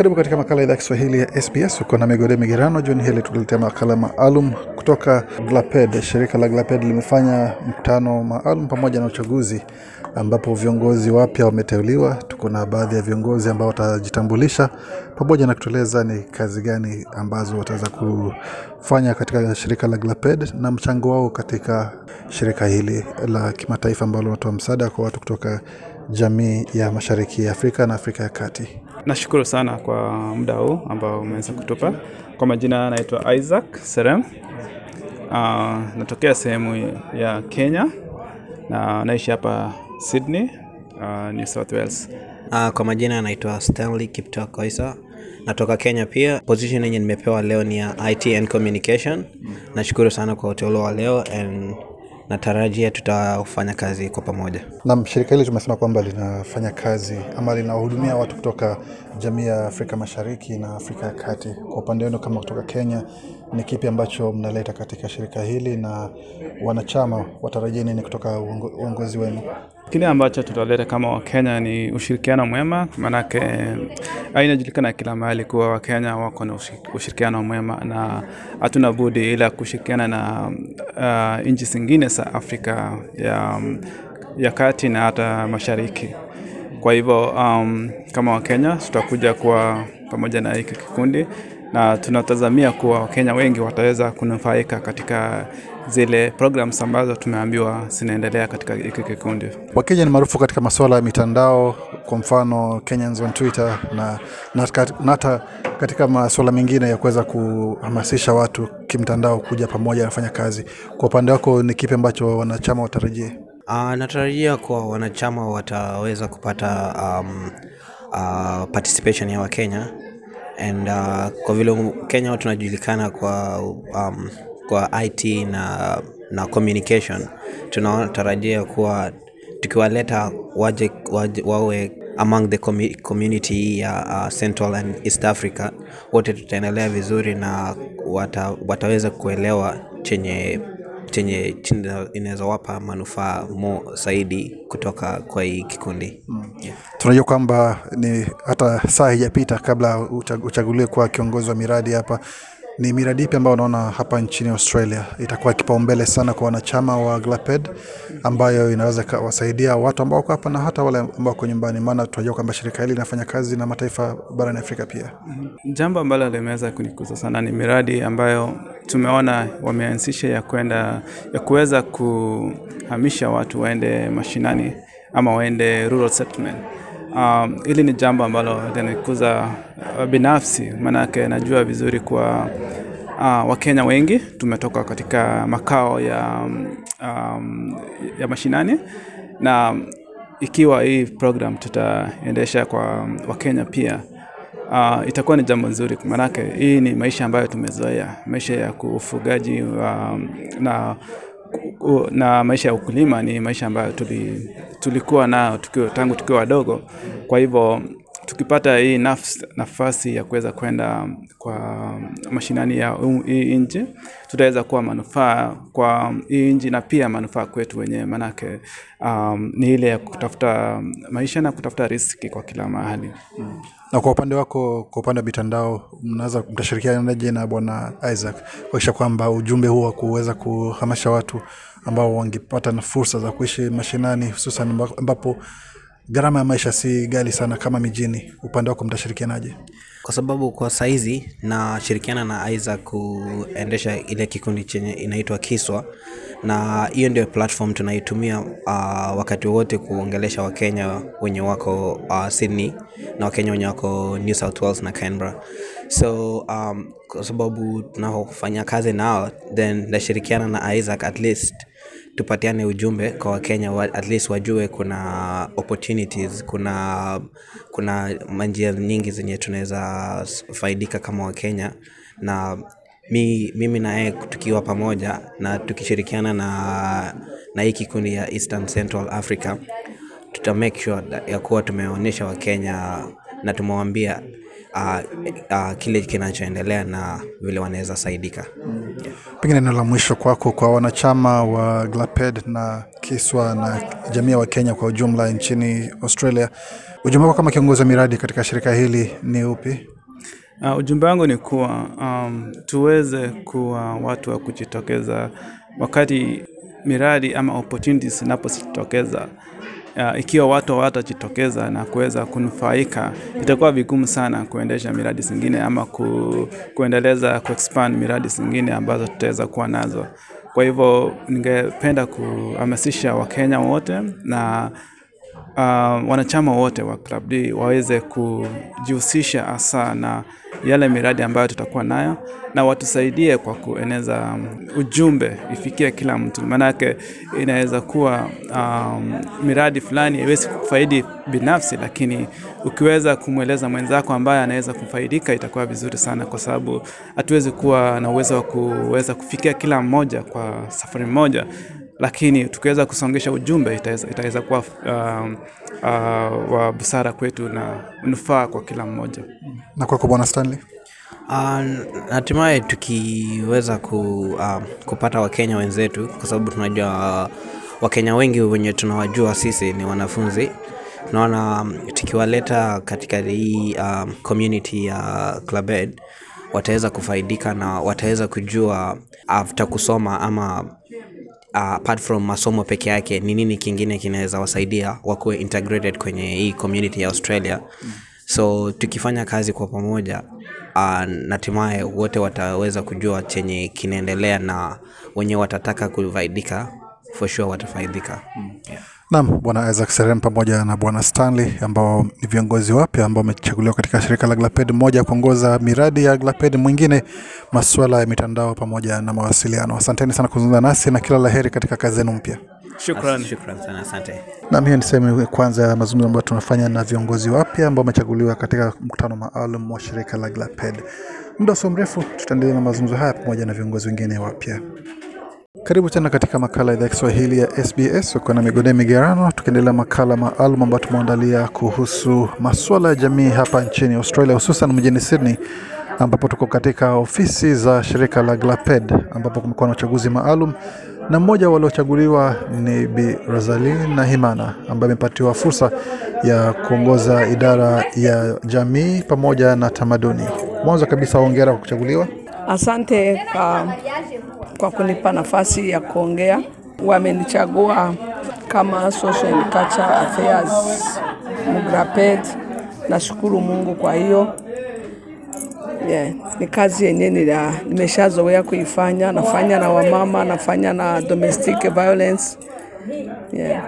Karibu katika makala idhaa ya Kiswahili ya SBS. Uko na migode migerano John hili, tukiletea makala maalum kutoka Glaped. Shirika la Glaped limefanya mkutano maalum pamoja na uchaguzi, ambapo viongozi wapya wameteuliwa. Tuko na baadhi ya viongozi ambao watajitambulisha pamoja na kutueleza ni kazi gani ambazo wataweza kufanya katika shirika la Glaped na mchango wao katika shirika hili la kimataifa ambalo linatoa msaada kwa watu kutoka jamii ya Mashariki ya Afrika na Afrika ya Kati. Nashukuru sana kwa muda huu ambao umeweza kutupa. Kwa majina anaitwa Isaac Serem. Uh, natokea sehemu ya Kenya na naishi hapa Sydney, uh, New South Wales. Uh, kwa majina anaitwa Stanley Kiptoo Koisa. natoka Kenya pia. Position yenye nimepewa leo ni ya IT and communication. Nashukuru sana kwa uteulo wa leo and natarajia tutafanya kazi kwa pamoja. nam shirika hili tumesema kwamba linafanya kazi ama linawahudumia watu kutoka jamii ya Afrika Mashariki na Afrika ya Kati. Kwa upande wenu kama kutoka Kenya, ni kipi ambacho mnaleta katika shirika hili na wanachama watarajia nini kutoka uongozi wenu? Kile ambacho tutaleta kama Wakenya ni ushirikiano mwema, maanake eh, inajulikana kila mahali kuwa Wakenya wako na ushirikiano mwema, na hatuna budi ila kushirikiana na uh, nchi zingine za Afrika ya, ya kati na hata mashariki. Kwa hivyo um, kama Wakenya tutakuja kwa pamoja na hiki kikundi, na tunatazamia kuwa Wakenya wengi wataweza kunufaika katika zile programs ambazo tumeambiwa zinaendelea katika hiki kikundi. Wakenya ni maarufu katika masuala ya mitandao, kwa mfano Kenyans on Twitter na hata katika masuala mengine ya kuweza kuhamasisha watu kimtandao kuja pamoja kufanya kazi. Kwa upande wako, ni kipi ambacho wanachama watarajie? Uh, natarajia kuwa wanachama wataweza kupata um, uh, participation ya Wakenya and uh, kwa vile Kenya tunajulikana kwa um, kwa IT na, na communication tunatarajia kuwa tukiwaleta waje, waje, wawe among the community ya uh, Central and East Africa, wote tutaendelea vizuri na wata, wataweza kuelewa chenye chenye inaweza wapa manufaa mo zaidi kutoka kwa hii kikundi mm. Yeah. Tunajua kwamba ni hata saa haijapita kabla uchag, uchaguliwe kuwa kiongozi wa miradi hapa ni miradi ipi ambayo unaona hapa nchini Australia itakuwa kipaumbele sana kwa wanachama wa GLAPED ambayo inaweza ikawasaidia watu ambao wako hapa na hata wale ambao wako nyumbani, maana tunajua kwamba shirika hili linafanya kazi na mataifa barani Afrika pia. Mm-hmm. Jambo ambalo limeweza kunikuza sana ni miradi ambayo tumeona wameanzisha ya kwenda ya kuweza kuhamisha watu waende mashinani ama waende rural settlement. Um, hili ni jambo ambalo linikuza ah, binafsi, maanake najua vizuri kwa uh, ah, Wakenya wengi tumetoka katika makao ya, um, ya mashinani na ikiwa hii program tutaendesha kwa Wakenya pia uh, itakuwa ni jambo nzuri, maanake hii ni maisha ambayo tumezoea, maisha ya kufugaji um, na na maisha ya ukulima ni maisha ambayo tulikuwa nayo tukiwa tangu tukiwa wadogo. Kwa hivyo tukipata hii nafasi, ya kuweza kwenda kwa mashinani ya hii nchi, tutaweza kuwa manufaa kwa hii nchi na pia manufaa kwetu wenyewe, manake um, ni ile ya kutafuta maisha na kutafuta riski kwa kila mahali mm. Na kwa upande wako, kwa upande wa mitandao, mnaweza mtashirikianaje na Bwana Isaac kuakisha kwamba ujumbe huo wa kuweza kuhamasha watu ambao wangepata na fursa za kuishi mashinani hususan ambapo gharama ya maisha si gali sana kama mijini. Upande wako mtashirikianaje? Kwa sababu kwa saizi nashirikiana na aiza kuendesha ile kikundi chenye inaitwa Kiswa, na hiyo ndio platform tunaitumia uh, wakati wote kuongelesha Wakenya wenye wako uh, Sydney na Wakenya wenye wako New South Wales na Canberra so um, kwa sababu tunaofanya kazi nao then nashirikiana na isaac at least tupatiane ujumbe kwa wakenya wa, at least wajue kuna opportunities kuna kuna manjia nyingi zenye tunaweza faidika kama wakenya na mi, mimi na yeye tukiwa pamoja na tukishirikiana na na hii kikundi ya eastern central africa tuta make sure ya kuwa tumeonyesha wakenya na tumewambia Ah, ah, kile kinachoendelea na vile wanaweza saidika. Pengine neno la mwisho kwako kwa wanachama wa Glaped na Kiswa na jamii ya Wakenya kwa ujumla nchini Australia, ujumbe wako kama kiongozi wa miradi katika shirika hili ni upi? Uh, ujumbe wangu ni kuwa um, tuweze kuwa watu wa kujitokeza wakati miradi ama opportunities zinapojitokeza uh, ikiwa watu hawatajitokeza na kuweza kunufaika, itakuwa vigumu sana kuendesha miradi zingine ama ku, kuendeleza kuexpand miradi zingine ambazo tutaweza kuwa nazo. Kwa hivyo ningependa kuhamasisha Wakenya wote na Uh, wanachama wote wa Club D waweze kujihusisha hasa na yale miradi ambayo tutakuwa nayo na watusaidie kwa kueneza um, ujumbe ifikie kila mtu. Maanake inaweza kuwa um, miradi fulani haiwezi kufaidi binafsi, lakini ukiweza kumweleza mwenzako ambaye anaweza kufaidika itakuwa vizuri sana, kwa sababu hatuwezi kuwa na uwezo wa kuweza kufikia kila mmoja kwa safari moja lakini tukiweza kusongesha ujumbe itaweza kuwa uh, uh, wa busara kwetu na nufaa kwa kila mmoja. Na kwako Bwana Stanley? Ah, hatimaye uh, tukiweza ku, uh, kupata Wakenya wenzetu kwa sababu tunajua uh, Wakenya wengi wenye tunawajua sisi ni wanafunzi. Naona um, tukiwaleta katika hii um, community ya uh, Club wataweza kufaidika na wataweza kujua after kusoma ama uh, apart from masomo peke yake, ni nini kingine kinaweza wasaidia wakuwe integrated kwenye hii community ya Australia? So tukifanya kazi kwa pamoja uh, natimaye wote wataweza kujua chenye kinaendelea na wenyewe watataka kufaidika, for sure watafaidika. mm. yeah. Naam, bwana Isaac Seren pamoja na bwana Stanley ambao ni viongozi wapya ambao wamechaguliwa katika shirika la Glaped, mmoja kuongoza miradi ya Glaped, mwingine masuala ya mitandao pamoja na mawasiliano. Asanteni sana kuzungumza nasi na kila laheri katika kazi yenu mpya. Shukrani. Shukrani sana, asante. Naam, hiyo ni sehemu kwanza ya mazungumzo ambayo tunafanya na viongozi wapya ambao wamechaguliwa katika mkutano maalum wa shirika la Glaped. Muda usio mrefu tutaendelea na mazungumzo haya pamoja na viongozi wengine wapya. Karibu tena katika makala ya idhaa Kiswahili ya SBS. Uko na Migode Migerano, tukiendelea makala maalum ambayo tumeandalia kuhusu masuala ya jamii hapa nchini Australia, hususan mjini Sydney, ambapo tuko katika ofisi za shirika la Glaped, ambapo kumekuwa na uchaguzi maalum na mmoja waliochaguliwa ni Bi Rosalin na Himana ambaye amepatiwa fursa ya kuongoza idara ya jamii pamoja na tamaduni. Mwanzo kabisa, hongera kwa kuchaguliwa. Asante kwa, kwa kunipa nafasi ya kuongea. Wamenichagua kama Social and Culture Affairs MUGRAPED. Nashukuru Mungu kwa hiyo yeah. Ni kazi yenye nimeshazoea kuifanya, nafanya na wamama, nafanya na domestic violence. Yeah.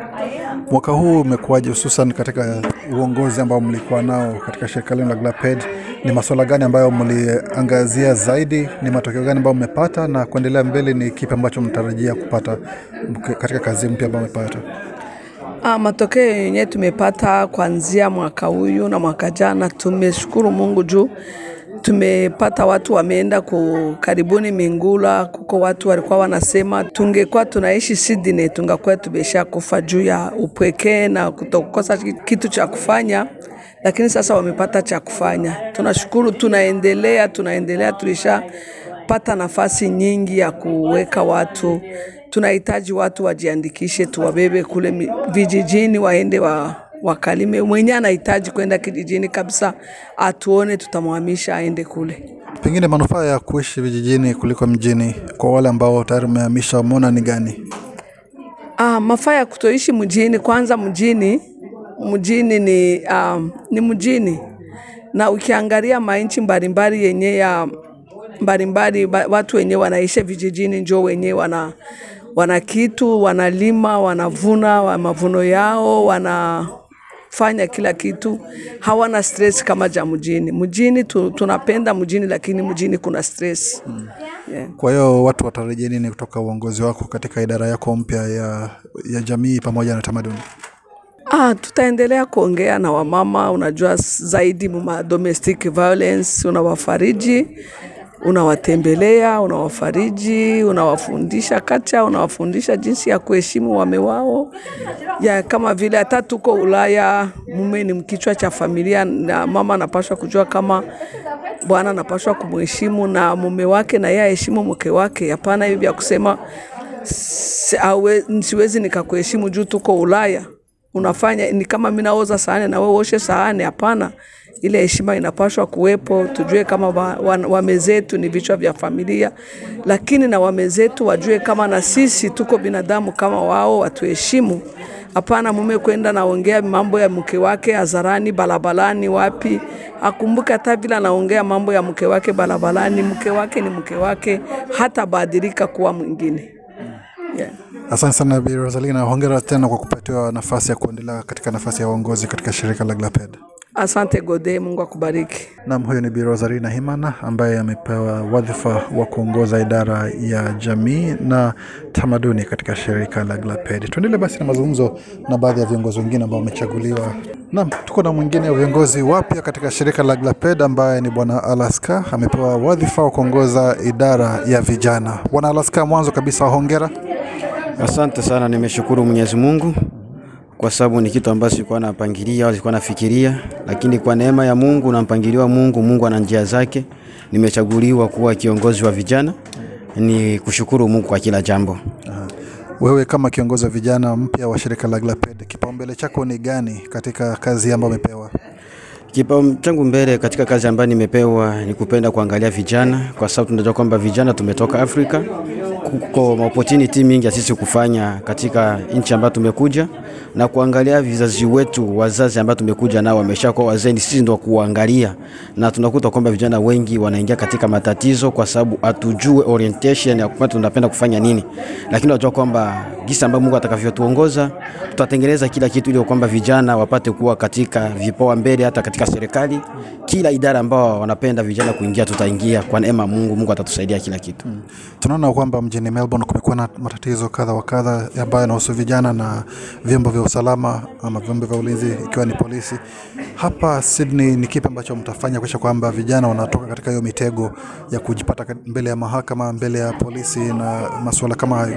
Mwaka huu umekuwaje hususan katika uongozi ambao mlikuwa nao katika shirika lenu la Glaped? Ni masuala gani ambayo mliangazia zaidi? Ni matokeo gani ambayo mmepata, na kuendelea mbele, ni kipi ambacho mnatarajia kupata katika kazi mpya ambayo mmepata? Ah, matokeo yenyewe tumepata kuanzia mwaka huyu na mwaka jana, tumeshukuru Mungu juu tumepata watu wameenda ku karibuni Mingula, kuko watu walikuwa wanasema tungekuwa tunaishi Sydney tungakuwa tumesha kufa juu ya upweke na kutokosa kitu cha kufanya, lakini sasa wamepata cha kufanya. Tunashukuru, tunaendelea tunaendelea, pata nafasi nyingi ya kuweka watu tunahitaji watu wajiandikishe, tuwabebe kule vijijini waende wa wakalime. Mwenye anahitaji kwenda kijijini kabisa, atuone, tutamhamisha aende kule. Pengine manufaa ya kuishi vijijini kuliko mjini kwa wale ambao tayari mmehamisha, umeona ni gani? Ah, mafaa ya kutoishi mjini, kwanza mjini mjini ni, um, ni mjini na ukiangalia mainchi mbalimbali yenye ya mbalimbali watu wenye wanaisha vijijini njo wenye wana, wana kitu wanalima wanavuna wa mavuno yao wana fanya kila kitu, hawana stress kama ja mjini. Mjini tu, tunapenda mjini, lakini mjini kuna stress hmm. yeah. Kwa hiyo watu watarajia nini kutoka uongozi wako katika idara yako mpya ya, ya jamii pamoja na tamaduni? Ah, tutaendelea kuongea na wamama, unajua zaidi ma domestic violence, unawafariji unawatembelea, unawafariji, unawafundisha kacha, unawafundisha jinsi ya kuheshimu wame wao, ya kama vile hata tuko Ulaya, mume ni mkichwa cha familia, na mama anapaswa kujua kama bwana anapaswa kumheshimu na mume wake, na yeye aheshimu mke wake. Hapana hivi ya kusema siwezi nikakuheshimu juu tuko Ulaya, unafanya ni kama mimi naoza sahani na wewe uoshe sahani. Hapana ile heshima inapaswa kuwepo. Tujue kama wame zetu ni vichwa vya familia, lakini na wame zetu wajue kama na sisi tuko binadamu kama wao, watuheshimu. Hapana mume kwenda naongea mambo ya mke wake hadharani, barabarani, wapi, akumbuke hata vile anaongea mambo ya mke wake barabarani. Mke wake ni mke wake, hata hatabadilika kuwa mwingine. Yeah. Asante sana Bi Rosalina, hongera tena kwa kupatiwa nafasi ya kuendelea katika nafasi ya uongozi katika shirika la Glaped. Asante Gode, Mungu akubariki. Nam, huyo ni Bi Rosarina Himana ambaye amepewa wadhifa wa kuongoza idara ya jamii na tamaduni katika shirika la Glaped. Tuendelee basi na mazungumzo na baadhi ya viongozi wengine ambao wamechaguliwa. Nam, tuko na mwingine viongozi wapya katika shirika la Glaped ambaye ni Bwana Alaska, amepewa wadhifa wa kuongoza idara ya vijana. Bwana Alaska, mwanzo kabisa hongera. Asante sana, nimeshukuru Mwenyezi Mungu kwa sababu ni kitu ambacho sikuwa napangilia au sikuwa nafikiria, lakini kwa neema ya Mungu na mpangilio wa Mungu, Mungu ana njia zake. Nimechaguliwa kuwa kiongozi wa vijana, ni kushukuru Mungu kwa kila jambo. Aha. Wewe kama kiongozi wa vijana mpya wa shirika la Glaped, kipaumbele chako ni gani katika kazi ambayo umepewa? Kipao changu mbele katika kazi ambayo nimepewa ni kupenda kuangalia vijana, kwa sababu tunajua kwamba vijana tumetoka Afrika, kuko opportunity mingi ya sisi kufanya katika nchi ambayo tumekuja, na kuangalia vizazi wetu, wazazi ambao tumekuja nao wameshakuwa wazee, ni sisi ndio kuangalia, na tunakuta kwamba vijana wengi wanaingia katika matatizo, kwa sababu atujue orientation ya kwamba tunapenda kufanya nini, lakini tunajua kwamba gisa ambayo Mungu atakavyotuongoza tutatengeneza kila kitu, ili kwamba vijana wapate kuwa katika vipao mbele hata katika katika serikali, kila idara ambao wanapenda vijana kuingia tutaingia kwa neema Mungu. Mungu atatusaidia kila kitu. Hmm. Tunaona kwamba mjini Melbourne kumekuwa na matatizo kadha wa kadha ambayo yanahusu vijana na vyombo vya usalama ama vyombo vya ulinzi ikiwa ni polisi. Hapa Sydney, ni kipi ambacho mtafanya kuhakikisha kwamba vijana wanatoka katika hiyo mitego ya kujipata mbele ya mahakama, mbele ya polisi na masuala kama hayo?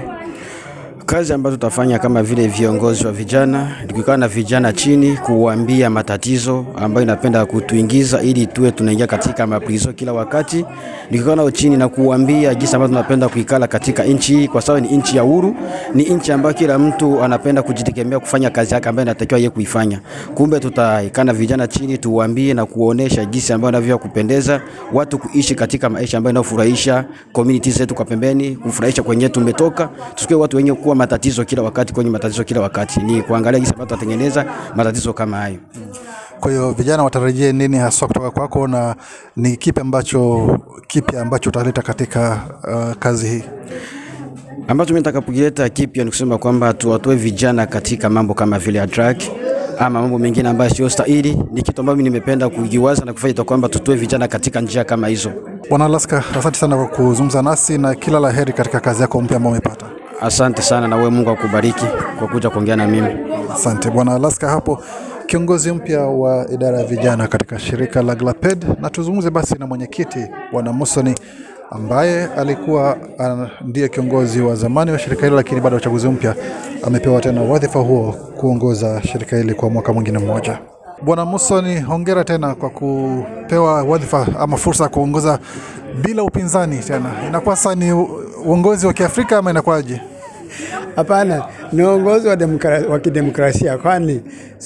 Kazi ambazo tutafanya kama vile viongozi wa vijana tukikaa na vijana chini, kuwaambia matatizo ambayo inapenda kutuingiza ili tuwe tunaingia katika maprizo kila wakati. nikikaa nao chini na kuwaambia jinsi ambavyo tunapenda kuikala katika nchi hii, kwa sababu ni nchi ya uhuru, ni nchi ambayo kila mtu anapenda kujitegemea, kufanya kazi yake ambayo anatakiwa yeye kuifanya. Kumbe tutaikaa na vijana chini, tuwaambie na kuonesha jinsi ambavyo inavyo kupendeza watu kuishi katika maisha ambayo inafurahisha community zetu kwa pembeni, kufurahisha kwenye tumetoka, tusikie watu wenye kuwa matatizo kila wakati kwenye matatizo kila wakati, ni kuangalia jinsi ambavyo tutatengeneza matatizo kama hayo. Kwa hiyo vijana watarajie nini haswa kutoka kwako, na ni kipi ambacho kipya ambacho utaleta katika uh, kazi hii? Ambacho mimi nataka kukileta kipya ni kusema kwamba tuwatoe vijana katika mambo kama vile drug ama mambo mengine ambayo sio stahili. Ni kitu ambacho mimi nimependa kujiwaza na kufanya kwamba tutoe vijana katika njia kama hizo. Bwana Alaska, asante sana kwa kuzungumza nasi na kila la heri katika kazi yako mpya ambayo umepata. Asante sana na wewe, Mungu akubariki kwa kuja kuongea na mimi. Asante bwana Alaska hapo, kiongozi mpya wa idara ya vijana katika shirika la Glaped, na tuzungumze basi na mwenyekiti bwana Musoni ambaye alikuwa ndiye kiongozi wa zamani wa shirika hili, lakini baada ya uchaguzi mpya amepewa tena wadhifa huo kuongoza shirika hili kwa mwaka mwingine mmoja. Bwana Musoni, hongera tena kwa kupewa wadhifa ama fursa ya kuongoza bila upinzani tena. Inakuwa sasa ni uongozi wa Kiafrika ama inakuwaje? Hapana, ni uongozi wa, wa kidemokrasia, kwani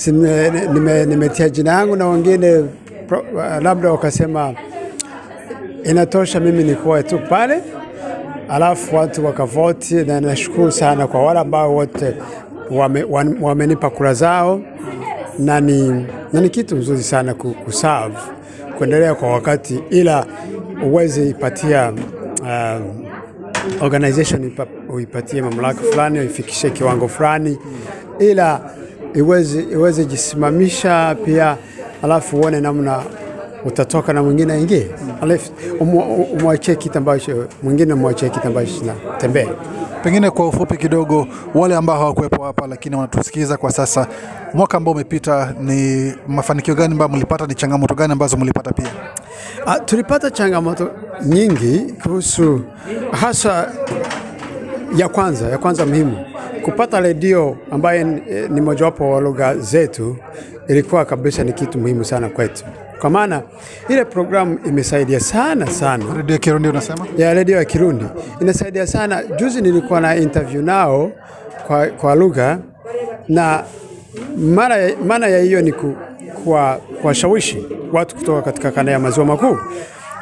nimetia nime jina yangu na wengine labda wakasema inatosha, mimi nikuwe tu pale, alafu watu wakavoti, na nashukuru sana kwa wale ambao wote wamenipa wame kura zao na ni, na ni kitu mzuri sana kuserve kuendelea kwa wakati, ila uweze ipatia um, organization uipatie mamlaka fulani uifikishe kiwango fulani, ila iweze iweze jisimamisha pia, alafu uone namna utatoka na mwingine aingie, alafu umwachie kitu ambacho mwingine, umwachie kitu ambacho kinatembea pengine kwa ufupi kidogo, wale ambao hawakuwepo hapa lakini wanatusikiza kwa sasa, mwaka ambao umepita, ni mafanikio gani ambayo mlipata? Ni changamoto gani ambazo mlipata pia? A, ah, tulipata changamoto nyingi kuhusu hasa ya kwanza ya kwanza muhimu kupata redio ambaye ni eh, mojawapo wa lugha zetu, ilikuwa kabisa ni kitu muhimu sana kwetu kwa maana ile programu imesaidia sana sana. Redio ya Kirundi unasema? Ya redio ya Kirundi inasaidia sana. Juzi nilikuwa na interview nao kwa, kwa lugha na maana ya hiyo ni ku, kuwashawishi watu kutoka katika kanda ya maziwa makuu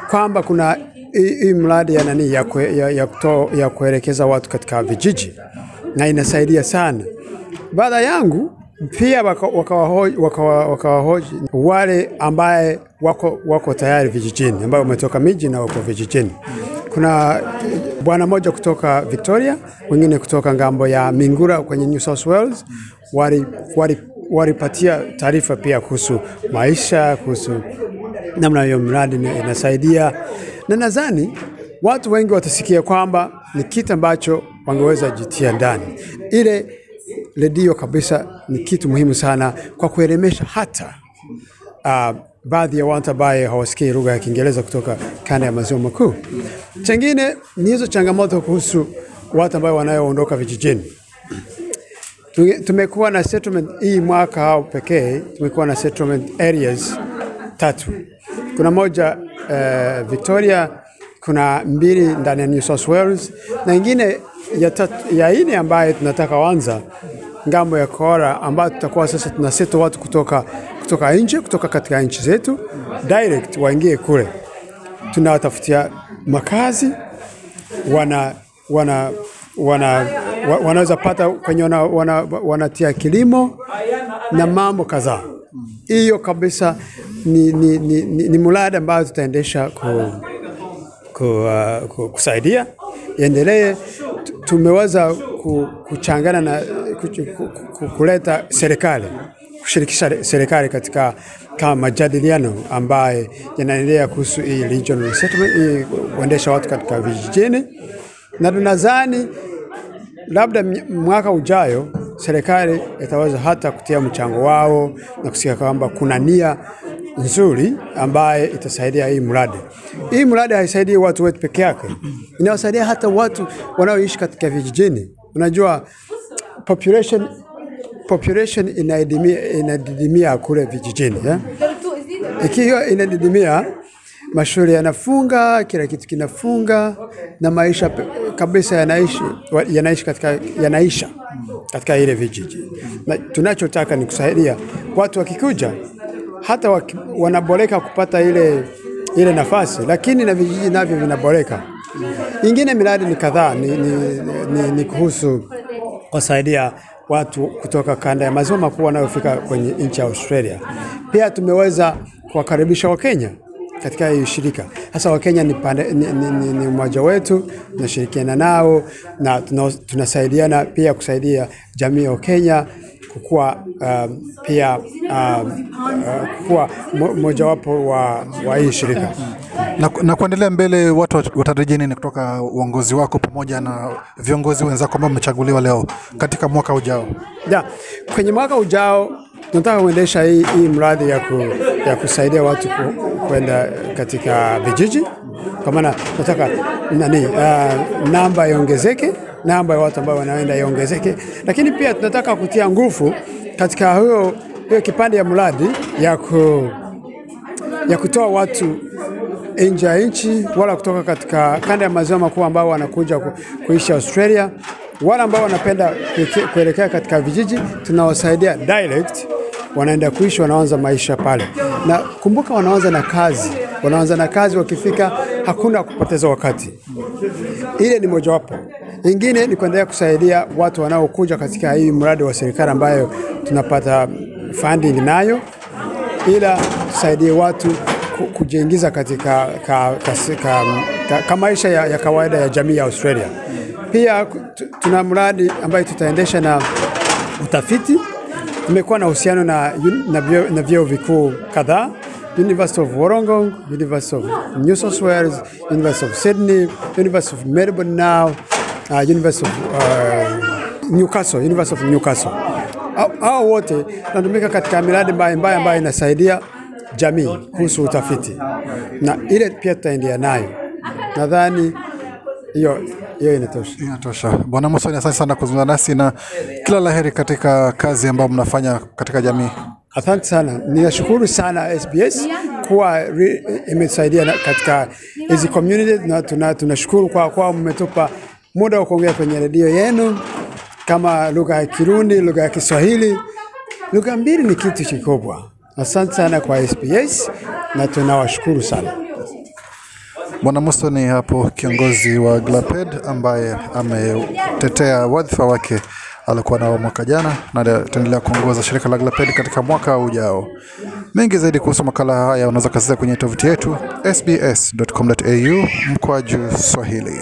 kwamba kuna hii mradi ya nani ya, kwe, ya, ya, kuto, ya kuelekeza watu katika vijiji na inasaidia sana. Baada yangu pia wakawahoji waka waka waka wale ambaye wako, wako tayari vijijini ambayo wametoka miji na wako vijijini. Kuna bwana mmoja kutoka Victoria, wengine kutoka ngambo ya Mingura kwenye New South Wales walipatia wari, taarifa pia kuhusu maisha, kuhusu namna hiyo mradi inasaidia, na nadhani watu wengi watasikia kwamba ni kitu ambacho wangeweza jitia ndani ile redio kabisa ni kitu muhimu sana kwa kuelemesha hata uh, baadhi ya watu ambaye hawasikii lugha ya Kiingereza kutoka kanda ya maziwa makuu. Chengine ni hizo changamoto kuhusu watu ambao wanayoondoka vijijini. Tumekuwa na settlement hii mwaka hao pekee, tumekuwa na settlement areas tatu. Kuna moja uh, Victoria, kuna mbili ndani ya New South Wales na ingine ya, ya ine ambayo tunataka wanza ngambo ya Kora ambayo tutakuwa sasa seto watu kutoka, kutoka nje kutoka katika nchi zetu direct waingie kule, tunawatafutia makazi wana, wana, wana, wanaweza pata kwenye wanatia wana, wana kilimo na mambo kadhaa. Hiyo kabisa ni, ni, ni, ni, ni mradi ambayo tutaendesha ku, ku, uh, ku, kusaidia iendelee tumeweza kuchangana na kuleta serikali kushirikisha serikali katika kama majadiliano ambaye yanaendelea kuhusu hii regional settlement, kuendesha watu katika vijijini, na tunadhani labda mwaka ujayo serikali itaweza hata kutia mchango wao na kusikia kwamba kuna nia nzuri ambaye itasaidia hii mradi. Hii mradi haisaidii watu wetu peke yake, inawasaidia hata watu wanaoishi katika vijijini. Unajua population, population inadidimia, inadidimia kule vijijini eh? Ikiwa inadidimia mashule yanafunga, kila kitu kinafunga na maisha kabisa yanaishi, yanaishi katika, yanaisha katika ile vijiji, na tunachotaka ni kusaidia watu wakikuja hata waki, wanaboreka kupata ile, ile nafasi, lakini na vijiji navyo vinaboreka. Ingine miradi ni kadhaa ni, ni, ni, ni kuhusu kusaidia watu kutoka kanda ya maziwa makuu wanayofika kwenye nchi ya Australia. Pia tumeweza kuwakaribisha Wakenya katika hii shirika. hasa Wakenya ni, pande, ni, ni, ni, ni umoja wetu, tunashirikiana nao na tunasaidiana pia kusaidia jamii ya Wakenya kukua um, pia um, uh, kukuwa mojawapo wa, wa hii shirika na, na kuendelea mbele. Watu watarajia nini kutoka uongozi wako pamoja na viongozi wenzako ambao wamechaguliwa leo katika mwaka ujao? Yeah. Kwenye mwaka ujao tunataka kuendesha hii, hii mradi ya, ku, ya kusaidia watu kwenda katika vijiji, kwa maana tunataka nani, uh, namba iongezeke namba ya watu ambao wanaenda iongezeke, lakini pia tunataka kutia nguvu katika hiyo hiyo kipande ya mradi ya, ku, ya kutoa watu nje ya nchi wala kutoka katika kanda ya maziwa makuu ambao wanakuja ku, kuishi Australia wala ambao wanapenda kuelekea katika vijiji tunawasaidia direct, wanaenda kuishi, wanaanza maisha pale, na kumbuka, wanaanza na kazi, wanaanza na kazi. Wakifika hakuna kupoteza wakati, ile ni mojawapo nyingine ni kuendelea kusaidia watu wanaokuja katika hii mradi wa serikali ambayo tunapata funding nayo, ila tusaidie watu kujiingiza katika ka, ka, ka, ka, ka maisha ya, ya kawaida ya jamii ya Australia. Pia tuna mradi ambayo tutaendesha na utafiti. Tumekuwa na uhusiano na, na vyuo vikuu kadhaa University of Wollongong, University of New South Wales, University of Sydney, University of Melbourne now uh, University of uh, Newcastle, University of Newcastle. Hao wote natumika katika miradi mbalimbali ambayo inasaidia jamii kuhusu utafiti, na ile pia tutaendea nayo. Nadhani hiyo hiyo inatosha, inatosha. Bwana Musoni, asante sana kuzungumza nasi na kila laheri katika kazi ambayo mnafanya katika jamii. Asante sana, ninashukuru sana SBS kuwa imesaidia katika hizi community, na tunashukuru kwa kwa mmetupa muda wa kuongea kwenye redio yenu, kama lugha ya Kirundi, lugha ya Kiswahili. Lugha mbili ni kitu kikubwa. Asante sana kwa SBS na tunawashukuru sana. Bwana Musoni hapo, kiongozi wa Glaped ambaye ametetea wadhifa wake alikuwa nao mwaka jana na ataendelea kuongoza shirika la Glaped katika mwaka ujao. Mengi zaidi kuhusu makala haya unaweza kusikia kwenye tovuti yetu sbs.com.au mkwaju Swahili.